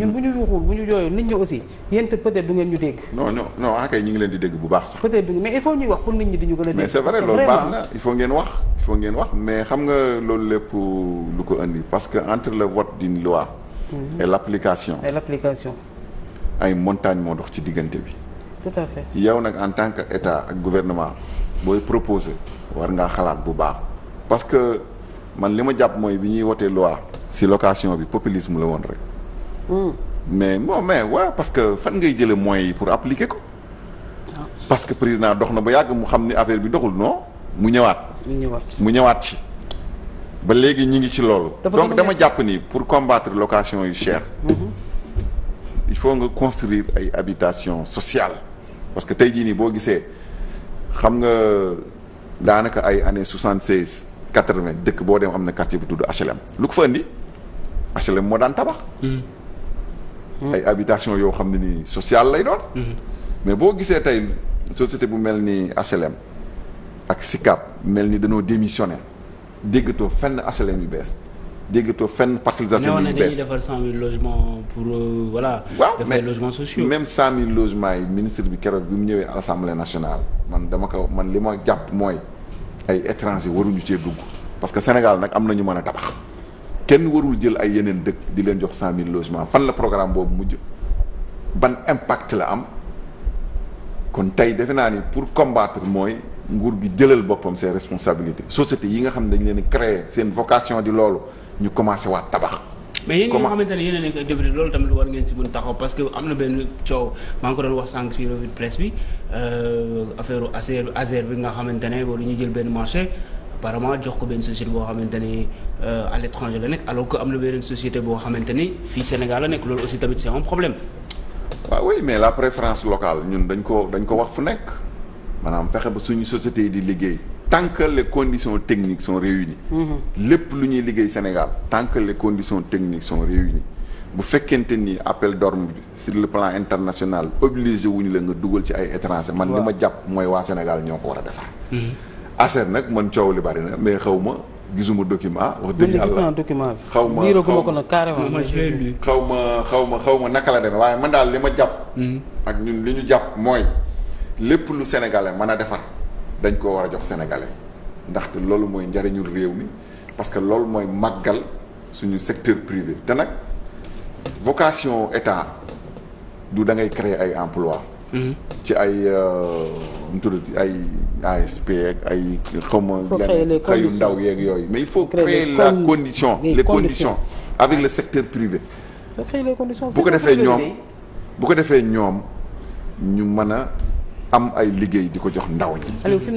ñun bu ñu yuuxul bu ñu jooyul nit ñi aussi yéen peut-être du ngeen ñu dégg. non non non ah kay ñu ngi leen di dégg bu baax sax. peut-être mais il faut ñuy wax pour nit ñi di ñu gën a dégg. mais c'est vrai loolu baax na il faut ngeen wax il faut ngeen wax mais xam nga loolu lépp lu ko indi parce que entre le vote d'une loi. Mhm. et l'application et l'application. ay montagne moo dox ci diggante bi. tout à fait yow nag en tant que état ak gouvernement booy proposer war ngaa xalaat bu baax parce que man li ma jàpp mooy bi ñuy wotee loi. si location bi populisme la woon rek. mais bon mais waaw parce que fan ngay jëlee moyens yi pour appliquer ko. parce que président dox na ba yàgg mu xam ni affaire bi doxul non mu ñëwaat. mu ñëwaat mu ñëwaat ci. ba léegi ñu ngi ci loolu. donc dama jàpp ni pour combattre location yu chère. Mhm. il faut nga construire ay habitation sociale parce que tey jii nii boo gisee xam nga daanaka ay années soixante seize quatre vingt dëkk boo dem am na quartier bu tudd HLM lu ko fa indi HLM moo daan tabax. Mm. Mm-hmm. ay habitation yoo xam ne nii sociale lay doon mm-hmm. mais boo gisee tey société bu mel ni HLM ak SICAP mel ni dañoo démissionné déggatoo fenn HLM yu bees déggatoo fenn parcellisation yu bees dañuy defar cent pour euh, voilà waaw mais logements même cent mille logements bi keroog bi mu ñëwee à l'Assemblée nationale man dama ko man li ma jàpp mooy ay étrangers waruñu cee dugg parce que Sénégal nag am na ñu mën a tabax kenn warul jël ay yeneen dëkk di leen jox cent mille logements fan la programme boobu mujj ban impact la am kon tey defe naa ni pour combattre mooy nguur gi jëlal boppam ses responsabilités société yi nga xam ne dañ leen créer seen vocation di loolu ñu commencé waat tabax. mais yéen ñi nga xamante ne yéen a nekk ay député loolu tamit war ngeen ci mën taxaw parce que am na benn coow maa ngi ko doon wax sànq ci revue de presse bi euh, affaire ASER ASER bi nga xamante ne wala ñu jël benn marché. apparemment jox ko benn société boo xamante ni euh, à l'étranger la nekk alors que am na beneen société boo xamante ni fii Sénégal la nekk loolu aussi tamit c'est un problème. waaw oui mais la préférence locale ñun dañ ko dañ ko wax fu nekk maanaam fexe ba suñu société yi di liggéey. tant que technique conditions techniques sont réunies. Mm-hmm. lépp lu ñuy liggéey Sénégal. tant que les conditions techniques sont réunies bu fekkente ni appel d'orme bi sur le plan international obligé wuñu la nga dugal ci ay étranger man li ma jàpp mooy waa Sénégal ñoo ko war a defar. Mm-hmm. ASER nag man coow li bari na mais xaw ma gisuma document wax dëgg yàlla document bi xaw ma ko nag carrément xaw ma xaw ma xaw ma naka la demee waaye man daal li ma jàpp hmm. ak ñun li ñu jàpp mooy lépp lu sénégalais mën a defar dañ koo war a jox sénégalais ndaxte loolu mooy njariñul réew mi parce que loolu mooy màggal suñu secteur privé te nag vocation état du da ngay créer ay emploi hmm. ci ay euh, nu mu tuddati ay ASP ak ay xaw ma. yeneen xayu ndaw yeeg yooyu. mais il faut créer la condition les conditions avec le secteur privé. bu ko defee ñoom bu ko defee ñoom ñu mën a am ay liggéey di ko jox ndaw ñi.